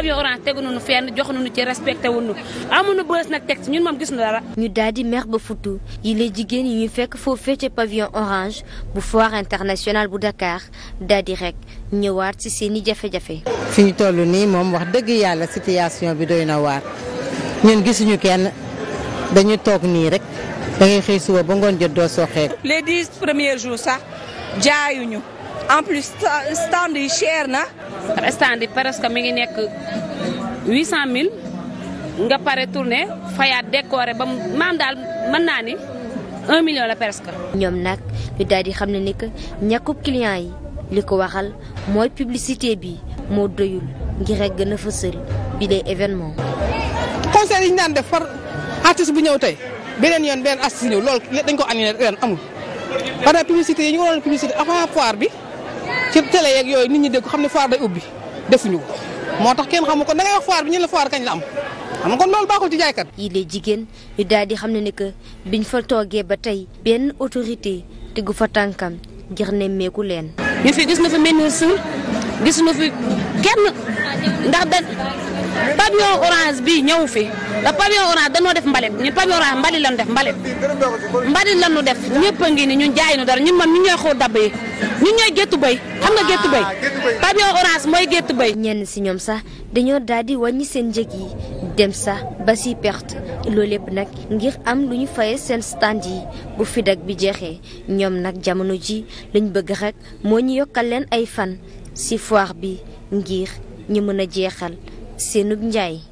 avion orange tegu nu fenn jox nu ci respecté wu nu amuñu bës nag teg ci ñun moom gis na dara. ñu daal di mer ba futu yi la jigéen yi ñu fekk foofee ca pavillon orange bu foire internationale bu Dakar daal di rek ñëwaat ci seen i jafe-jafe. fi ñu toll nii moom wax dëgg yàlla situation bi doy na waar ñun gisuñu kenn dañu toog nii rek da ngay xëy suba ba ngoon jot doo sooxee. les dix premiers sax jaayuñu. en plus stand yi cher na. stand yi presque mi ngi nekk huit cent mille nga pare tourné fayaat décoré ba maam daal mën naa ni un million la presque. ñoom nag ñu daal xam ne ni que ñàkkub client yi li ko waxal mooy publicité bi moo doyul ngir rek gën bi lay événement. concert yi ñu daan def par artiste bu ñëw tey beneen yoon benn artiste ñëw loolu dañ ko annulé ren amul. parce que yi ñu waroon publicité avant foire bi. ci yooyu nit ñi dégg xam ne foire day ubbi defuñu ko moo tax kenn xamu ko da ngay wax foire bi ñu la foire kañ la am xam nga kon loolu baaxul ci jaaykat. yii de jigéen yu daal di xam ne ne que biñ fa toogee ba tey benn autorité tegu fa tànkam ngir nemmeeku leen. ñu fi gis na fi ministre gis na fi kenn ndax da pavillon orange bi ñëw fi da pavillon orange danoo def mbalit ñun pavillon orange mbalit lañu def mbalit. mbalit lañu def ñëpp a ngi ni ñun jaay nu dara ñun man ñu ñoo xaw ñun ñooy géttu béy xam nga géttu béy ah, pavillon orange mooy géttu béy ñenn si ñoom sax dañoo daal di wàññi seen njëg yi dem sax ba si perte loolu lépp nag ngir am lu ñu faye seen stand yi bu FIDAK bi jeexee ñoom nag jamono ji lañ bëgg rekk moo ñu yokkal leen ay fan ci foire bi ngir ñu mën a jeexal seenug njaay